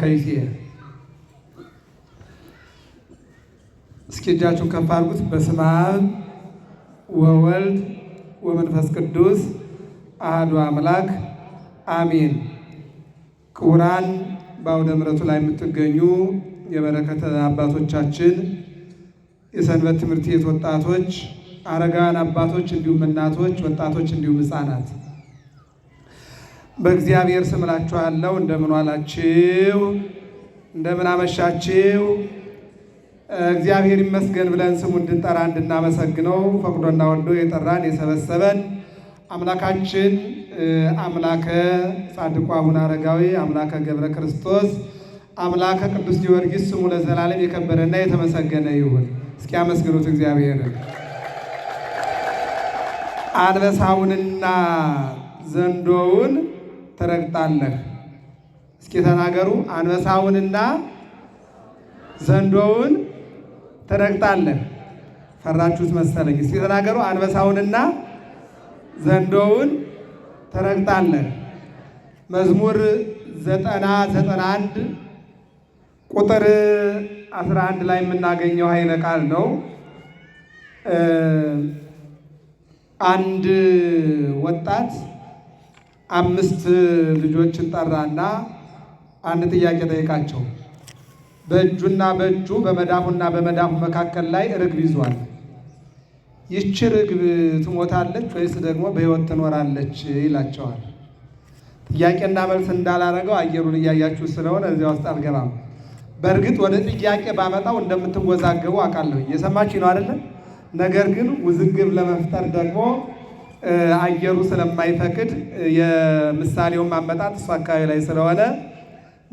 ከይሲየ እስኪ እጃችሁን ከፍ አድርጉት። በስመ አብ ወወልድ ወመንፈስ ቅዱስ አህዱ አምላክ አሜን። ክቡራን በአውደ ምረቱ ላይ የምትገኙ የበረከተ አባቶቻችን፣ የሰንበት ትምህርት ቤት ወጣቶች፣ አረጋውያን አባቶች እንዲሁም እናቶች፣ ወጣቶች እንዲሁም ህጻናት በእግዚአብሔር ስም እላችኋለሁ። እንደምን ዋላችሁ? እንደምን አመሻችሁ? እግዚአብሔር ይመስገን ብለን ስሙ እንድንጠራ እንድናመሰግነው ፈቅዶና ወዶ የጠራን የሰበሰበን አምላካችን አምላከ ጻድቁ አቡነ አረጋዊ አምላከ ገብረ ክርስቶስ አምላከ ቅዱስ ጊዮርጊስ ስሙ ለዘላለም የከበረና የተመሰገነ ይሁን። እስኪ አመስግኑት እግዚአብሔር አንበሳውንና ዘንዶውን ትረግጣለህ። እስኪ ተናገሩ። አንበሳውንና ዘንዶውን ትረግጣለህ። ፈራችሁት መሰለኝ። እስኪ ተናገሩ። አንበሳውንና ዘንዶውን ትረግጣለህ። መዝሙር ዘጠና ዘጠና አንድ ቁጥር አስራ አንድ ላይ የምናገኘው ኃይለ ቃል ነው። አንድ ወጣት አምስት ልጆችን ጠራና አንድ ጥያቄ ጠይቃቸው። በእጁና በእጁ በመዳፉና በመዳፉ መካከል ላይ ርግብ ይዟል። ይቺ ርግብ ትሞታለች ወይስ ደግሞ በሕይወት ትኖራለች ይላቸዋል። ጥያቄና መልስ እንዳላረገው አየሩን እያያችሁ ስለሆነ እዚያ ውስጥ አልገባም። በእርግጥ ወደ ጥያቄ ባመጣው እንደምትወዛገቡ አውቃለሁ። እየሰማችሁ ነው አይደለም? ነገር ግን ውዝግብ ለመፍጠር ደግሞ አየሩ ስለማይፈቅድ የምሳሌውን ማመጣት እሱ አካባቢ ላይ ስለሆነ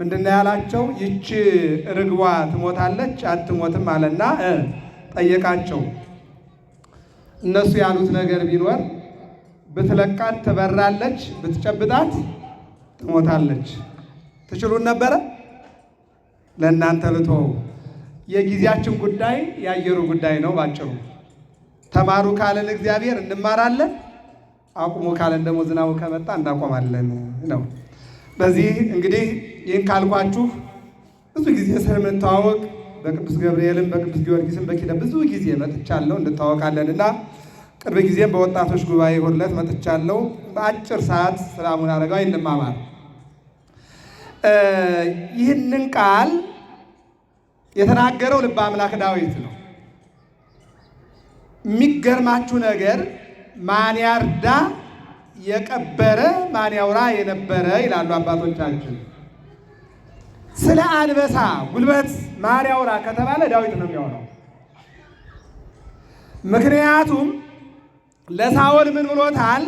ምንድነው ያላቸው? ይቺ ርግቧ ትሞታለች አትሞትም አለና ጠየቃቸው። እነሱ ያሉት ነገር ቢኖር ብትለቃት ትበራለች፣ ብትጨብጣት ትሞታለች። ትችሉን ነበረ? ለእናንተ ልቶ የጊዜያችን ጉዳይ የአየሩ ጉዳይ ነው። ባጭሩ ተማሩ ካለን እግዚአብሔር እንማራለን አቁሙ ካለን ደግሞ ዝናቡ ከመጣ እናቆማለን ነው። በዚህ እንግዲህ ይህን ካልኳችሁ ብዙ ጊዜ ስለምንተዋወቅ በቅዱስ ገብርኤልም በቅዱስ ጊዮርጊስም በኪደ ብዙ ጊዜ መጥቻለሁ እንታወቃለን እና ቅርብ ጊዜም በወጣቶች ጉባኤ ሁለት መጥቻለሁ። በአጭር ሰዓት ስለ አቡነ አረጋዊ እንማማር። ይህንን ቃል የተናገረው ልበ አምላክ ዳዊት ነው። የሚገርማችሁ ነገር ማን ያርዳ የቀበረ ማን ያውራ የነበረ ይላሉ አባቶቻችን። ስለ አንበሳ ጉልበት ማን ያውራ ከተባለ ዳዊት ነው የሚሆነው። ምክንያቱም ለሳኦል ምን ብሎታል?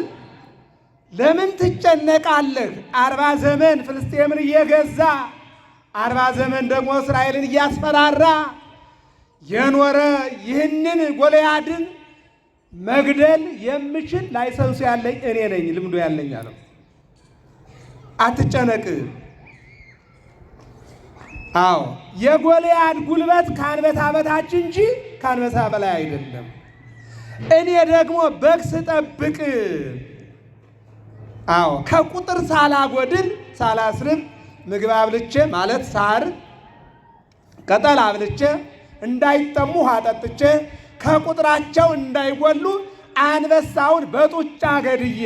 ለምን ትጨነቃለህ? አርባ ዘመን ፍልስጤምን እየገዛ አርባ ዘመን ደግሞ እስራኤልን እያስፈራራ የኖረ ይህንን ጎልያድን መግደል የምችል ላይሰንሱ ያለኝ እኔ ነኝ፣ ልምዶ ያለኝ አለው። አትጨነቅ። አዎ የጎልያድ ጉልበት ከአንበሳ በታች እንጂ ከአንበሳ በላይ አይደለም። እኔ ደግሞ በግ ስጠብቅ፣ አዎ ከቁጥር ሳላጎድል ሳላስርብ ምግብ አብልቼ ማለት ሳር ቅጠል አብልቼ እንዳይጠሙ ውሃ ጠጥቼ ከቁጥራቸው እንዳይጎሉ አንበሳውን በጡጫ ገድዬ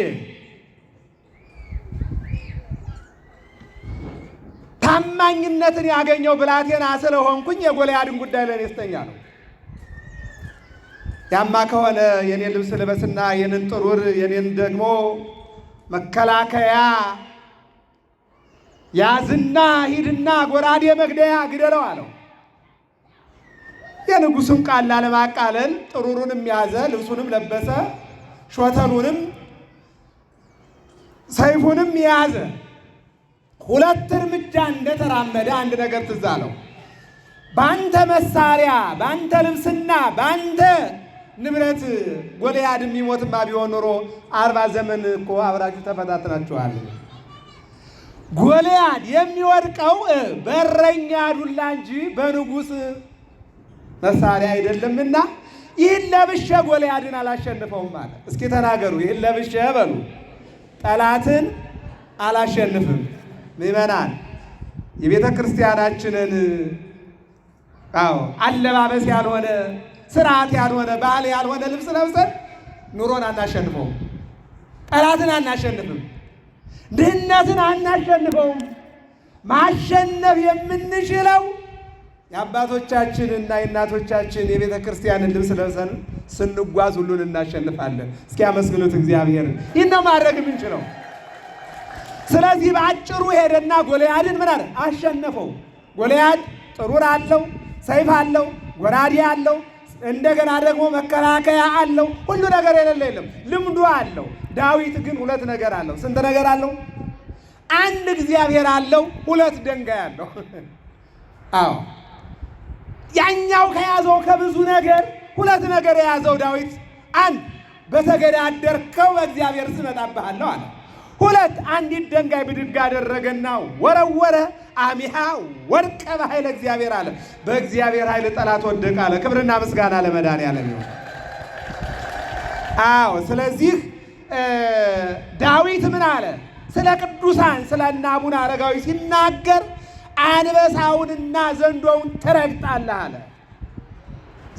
ታማኝነትን ያገኘው ብላቴና ስለሆንኩኝ የጎልያድን ጉዳይ ለእኔ ስተኛ ነው። ያማ ከሆነ የኔን ልብስ ልበስና የኔን ጥሩር የኔን ደግሞ መከላከያ ያዝና ሂድና ጎራዴ መግደያ ግደለው አለው። የንጉሡም ቃል ላለማቃለል ጥሩሩንም ያዘ፣ ልብሱንም ለበሰ፣ ሾተሉንም ሰይፉንም የያዘ ሁለት እርምጃ እንደተራመደ አንድ ነገር ትዝ አለው። በአንተ መሳሪያ፣ በአንተ ልብስና በአንተ ንብረት ጎልያድ የሚሞትማ ቢሆን ኖሮ አርባ ዘመን እኮ አብራችሁ ተፈታትናችኋል። ጎልያድ የሚወድቀው በረኛ ዱላ እንጂ በንጉሥ መሳሪያ አይደለምና ይህን ለብሸ ጎልያድን አላሸንፈውም ማለት እስኪ ተናገሩ። ይህን ለብሸ በሉ ጠላትን አላሸንፍም። ምዕመናን የቤተ ክርስቲያናችንን አዎ አለባበስ ያልሆነ ስርዓት ያልሆነ ባህል ያልሆነ ልብስ ለብሰን ኑሮን አናሸንፈውም። ጠላትን አናሸንፍም። ድህነትን አናሸንፈውም። ማሸነፍ የምንችለው የአባቶቻችንና የእናቶቻችን የቤተ ክርስቲያንን ልብስ ለብሰን ስንጓዝ ሁሉን እናሸንፋለን። እስኪ አመስግኑት እግዚአብሔርን። ይህን ነው ማድረግ የምንችለው። ስለዚህ በአጭሩ ሄደና ጎልያድን ምን አለ? አሸነፈው። ጎልያድ ጥሩር አለው፣ ሰይፍ አለው፣ ጎራዴ አለው፣ እንደገና ደግሞ መከላከያ አለው። ሁሉ ነገር የሌለ የለም፣ ልምዱ አለው። ዳዊት ግን ሁለት ነገር አለው። ስንት ነገር አለው? አንድ እግዚአብሔር አለው፣ ሁለት ድንጋይ አለው። አዎ ያኛው ከያዘው ከብዙ ነገር ሁለት ነገር የያዘው ዳዊት አንድ በተገዳደርከው በእግዚአብሔር ስመጣብሃለሁ አለ። ሁለት አንዲት ደንጋይ ብድግ አደረገና ወረወረ። አሚሃ ወድቀ በኃይለ እግዚአብሔር አለ። በእግዚአብሔር ኃይል ጠላት ወደቀ አለ። ክብርና ምስጋና ለመድኃኒዓለም ይሁን። አዎ ስለዚህ ዳዊት ምን አለ? ስለ ቅዱሳን ስለ አቡነ አረጋዊ ሲናገር አንበሳውንና ዘንዶውን ትረግጣለህ አለ።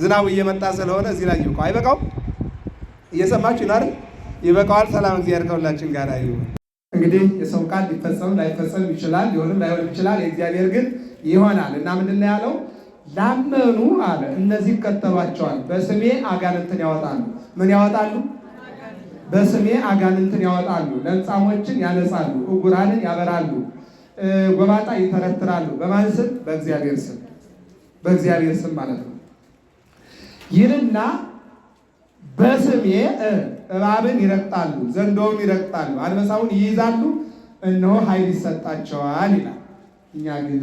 ዝናቡ እየመጣ ስለሆነ እዚህ ላይ ይብቃው። አይበቃው? እየሰማችሁ ነው አይደል? ይበቃዋል። ሰላም እግዚአብሔር ከሁላችን ጋር ይሁን። እንግዲህ የሰው ቃል ሊፈጸም ላይፈጸም ይችላል፣ ሊሆንም ላይሆንም ይችላል። የእግዚአብሔር ግን ይሆናል እና ምንድን ነው ያለው? ላመኑ አለ እነዚህ ከተሏቸዋል። በስሜ አጋንንትን ያወጣሉ። ምን ያወጣሉ? በስሜ አጋንንትን ያወጣሉ፣ ለምጻሞችን ያነጻሉ፣ እጉራንን ያበራሉ ጎባጣ ይተረትራሉ። በማን ስም? በእግዚአብሔር ስም፣ በእግዚአብሔር ስም ማለት ነው። ይልና በስሜ እባብን ይረግጣሉ፣ ዘንዶውን ይረግጣሉ፣ አንበሳውን ይይዛሉ፣ እነሆ ኃይል ይሰጣቸዋል ይላል። እኛ ግን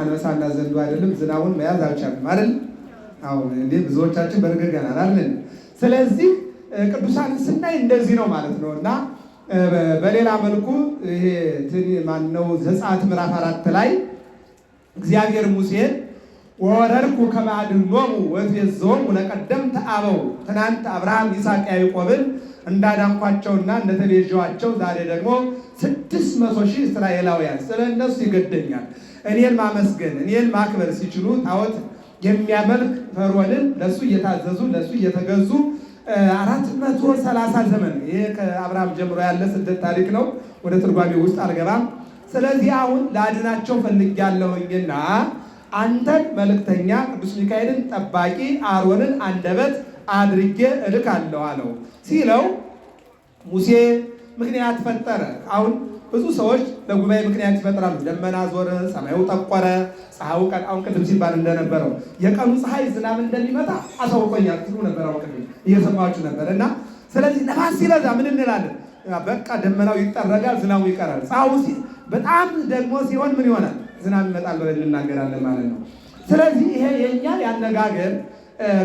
አንበሳና ዘንዶ አይደለም ዝናቡን መያዝ አልቻልም አይደል? አዎ እንዲ ብዙዎቻችን በርግገናል አይደል? ስለዚህ ቅዱሳን ስናይ እንደዚህ ነው ማለት ነው እና በሌላ መልኩ ይሄ ማነው ዘጸአት ምዕራፍ አራት ላይ እግዚአብሔር ሙሴን ወረድኩ ከማዕድኖሙ ወቤዝሖሙ ለቀደምተ አበው፣ ትናንት አብርሃም ይስሐቅ ያዕቆብን እንዳዳንኳቸውና እንደተቤዠኋቸው ዛሬ ደግሞ ስድስት መቶ ሺህ እስራኤላውያን ስለ እነሱ ይገደኛል። እኔን ማመስገን እኔን ማክበር ሲችሉ ጣዖት የሚያመልክ ፈርዖንን ለእሱ እየታዘዙ ለእሱ እየተገዙ አራት መቶ ሰላሳ ዘመን ይህ ከአብርሃም ጀምሮ ያለ ስደት ታሪክ ነው። ወደ ትርጓሜ ውስጥ አልገባም። ስለዚህ አሁን ላድናቸው ፈልጌያለሁኝና አንተን መልእክተኛ ቅዱስ ሚካኤልን ጠባቂ አሮንን አንደበት አድርጌ እልካለሁ አለው ሲለው ሙሴ ምክንያት ፈጠረ አሁን ብዙ ሰዎች በጉባኤ ምክንያት ይፈጥራሉ። ደመና ዞረ፣ ሰማዩ ጠቆረ፣ ፀሐዩ ቀን አሁን ቅድም ሲባል እንደነበረው የቀኑ ፀሐይ ዝናብ እንደሚመጣ አሳውቆኛል ትሉ ነበር። አሁን ቅድም እየሰማችሁ ነበር። እና ስለዚህ ነፋስ ሲበዛ ምን እንላለን? በቃ ደመናው ይጠረጋል፣ ዝናቡ ይቀራል። ፀሐዩ በጣም ደግሞ ሲሆን ምን ይሆናል? ዝናብ ይመጣል ብለን እንናገራለን ማለት ነው። ስለዚህ ይሄ የእኛ ያነጋገር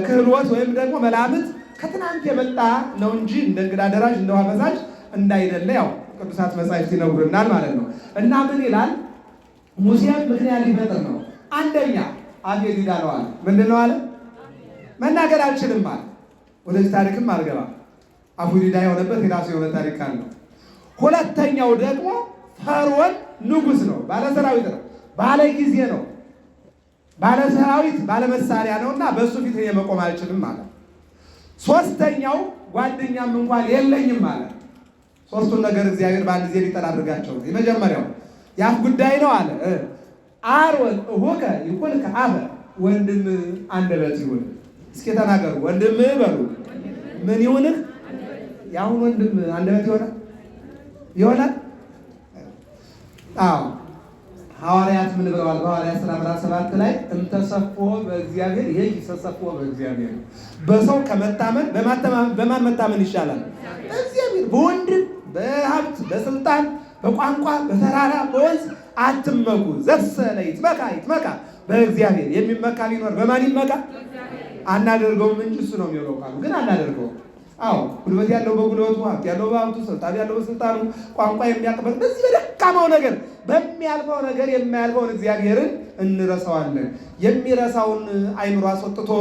ክህሎት ወይም ደግሞ መላምት ከትናንት የመጣ ነው እንጂ እንደ እንግዳ ደራሽ እንደ ውሃ ፈሳሽ እንዳይደለ ያው ቅዱሳት መጻሕፍት ይነግሩናል ማለት ነው። እና ምን ይላል? ሙሴም ምክንያት ሊፈጥር ነው። አንደኛ አቤል ይላል አለ። ምንድን ነው አለ? መናገር አልችልም አለ። ወደዚህ ታሪክም አልገባም። አፉ ዲዳ የሆነበት የራሱ የሆነ ታሪክ አለው። ሁለተኛው ደግሞ ፈርዖን ንጉሥ ነው፣ ባለሰራዊት ነው፣ ባለ ጊዜ ነው፣ ባለሰራዊት ባለመሳሪያ ነው እና በእሱ ፊት የመቆም አልችልም ማለት። ሶስተኛው ጓደኛም እንኳን የለኝም ማለት ሶስቱን ነገር እግዚአብሔር በአንድ ጊዜ ሊጠላ አድርጋቸው። የመጀመሪያው የአፍ ጉዳይ ነው አለ አር ወከ ይኩን ከአበ ወንድም አንደበት ይሁን። እስኪ ተናገሩ ወንድም በሉ ምን ይሁንህ? የአሁን ወንድም አንደበት ይሆናል ይሆናል። አዎ ሐዋርያት ምን ብለዋል? በሐዋርያት ሥራ ምዕራፍ ሰባት ላይ እንተሰፍሖ በእግዚአብሔር ይሄ ይሰሰፍሖ በእግዚአብሔር በሰው ከመታመን በማን መታመን ይሻላል? እግዚአብሔር በወንድም በሀብት በስልጣን በቋንቋ በተራራ በወንዝ አትመኩ። ዘሰ ለይትመካ ይትመካ በእግዚአብሔር የሚመካ ቢኖር በማን ይመካ? አናደርገውም እንጂ እሱ ነው የሚሆነው ቃሉ ግን አናደርገውም። አዎ ጉልበት ያለው በጉልበቱ፣ ሀብት ያለው በሀብቱ፣ ስልጣን ያለው በስልጣኑ፣ ቋንቋ የሚያቅበት በዚህ በደካማው ነገር በሚያልፈው ነገር የማያልፈውን እግዚአብሔርን እንረሳዋለን። የሚረሳውን አይምሮ አስወጥቶ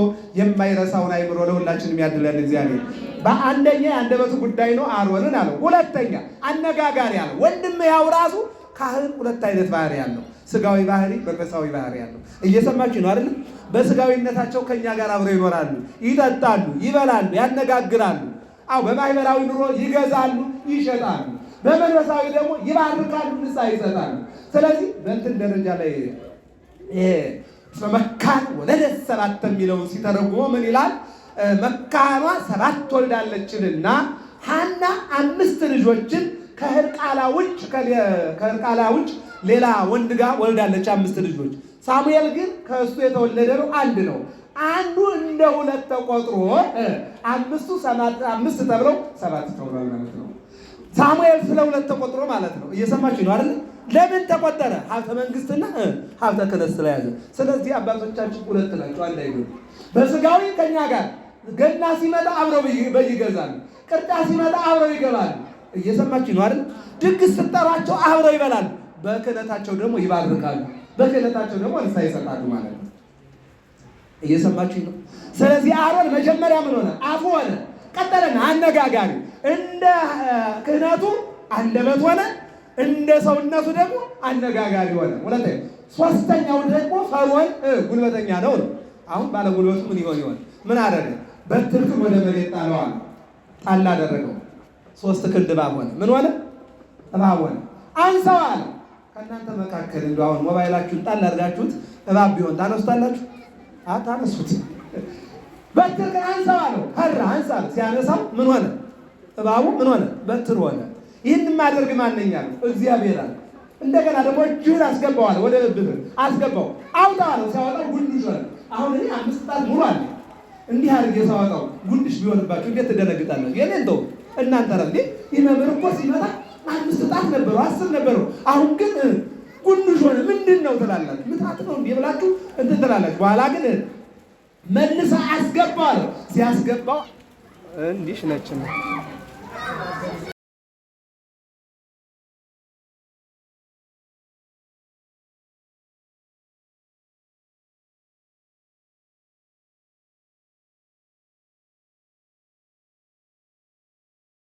የማይረሳውን አይምሮ ለሁላችንም ያድለን እግዚአብሔር። በአንደኛ የአንደበቱ ጉዳይ ነው አሮንን አለው። ሁለተኛ አነጋጋሪ አለ። ወንድም ያው ራሱ ካህን ሁለት አይነት ባህሪ ያለው ስጋዊ ባህሪ፣ መንፈሳዊ ባህሪ ያለው። እየሰማችሁ ነው አይደል? በስጋዊነታቸው ከኛ ጋር አብረው ይኖራሉ፣ ይጠጣሉ፣ ይበላሉ፣ ያነጋግራሉ። አው በማህበራዊ ኑሮ ይገዛሉ፣ ይሸጣሉ። በመንፈሳዊ ደግሞ ይባርካሉ፣ ንስሐ ይሰጣሉ። ስለዚህ በእንትን ደረጃ ላይ ይሄ መካን ወለደ ሰባት የሚለውን ሲተረጉሞ ምን ይላል? መካኗ ሰባት ወልዳለችንና ሐና አምስት ልጆችን ከህርቃላ ውጭ ከህርቃላ ውጭ ሌላ ወንድ ጋር ወልዳለች፣ አምስት ልጆች። ሳሙኤል ግን ከእሱ የተወለደ ነው፣ አንድ ነው። አንዱ እንደ ሁለት ተቆጥሮ አምስቱ ሰባት አምስት ተብለው ሰባት ተብለው ማለት ነው። ሳሙኤል ስለ ሁለት ተቆጥሮ ማለት ነው። እየሰማችሁ ነው አይደል? ለምን ተቆጠረ? ሀብተ መንግስትና ሀብተ ክህነት ስለያዘ። ስለዚህ አባቶቻችን ሁለት ናቸው፣ አንድ አይደሉም። በስጋዊ ከኛ ጋር ገና ሲመጣ አብረው በይገዛል። ቅርጫ ሲመጣ አብረው ይገባል። እየሰማችሁ ነው አይደል? ድግስ ስጠሯቸው አብረው ይበላል። በክህነታቸው ደግሞ ይባርካሉ። በክህነታቸው ደግሞ ንስሐ ይሰጣሉ ማለት ነው። እየሰማችሁ ነው። ስለዚህ አሮን መጀመሪያ ምን ሆነ? አፉ ሆነ። ቀጠለና አነጋጋሪ እንደ ክህነቱ አንደበት ሆነ፣ እንደ ሰውነቱ ደግሞ አነጋጋሪ ሆነ። ሁለተኛ ሶስተኛው ደግሞ ፈርዖን ጉልበተኛ ነው። አሁን ባለጉልበቱ ምን ይሆን ይሆን? ምን አደረገ? በትርም ወደ መሬት ጣለዋል። ጣል አደረገው። ሶስት ክንድ እባብ ሆነ። ምን ሆነ? እባብ ሆነ። አንሳው አለ። ከእናንተ መካከል እንደው አሁን ሞባይላችሁን ጣል አድርጋችሁት እባብ ቢሆን ታነሱታላችሁ? አታነሱት። በትር ግን አንሳው አለው። ፈራ። አንሳ ሲያነሳው ምን ሆነ? እባቡ ምን ሆነ? በትር ሆነ። ይህን ማደርግ ማነኛ እግዚአብሔር አለ። እንደገና ደግሞ እጅህን አስገባዋል። ወደ ብብር አስገባው። አውጣ አለው። ሲያወጣው ጉንዱ ሆነ። አሁን እኔ አምስት ጣት ሙሉ አለ እንዲህ አድርጌ ሳወጣው ጉንድሽ ቢሆንባችሁ እንዴት ትደነግጣለች? የኔን ተው እናንተ ረ ይህ መምህር እኮ ሲመጣ አምስት ጣት ነበረው አስር ነበረው አሁን ግን ጉንድሽ ሆነ ምንድን ነው ትላላችሁ። ምጣት ነው እንዲህ ብላችሁ እንትን ትላላችሁ። በኋላ ግን መልሳ አስገባው ሲያስገባው እንዲሽ ነችና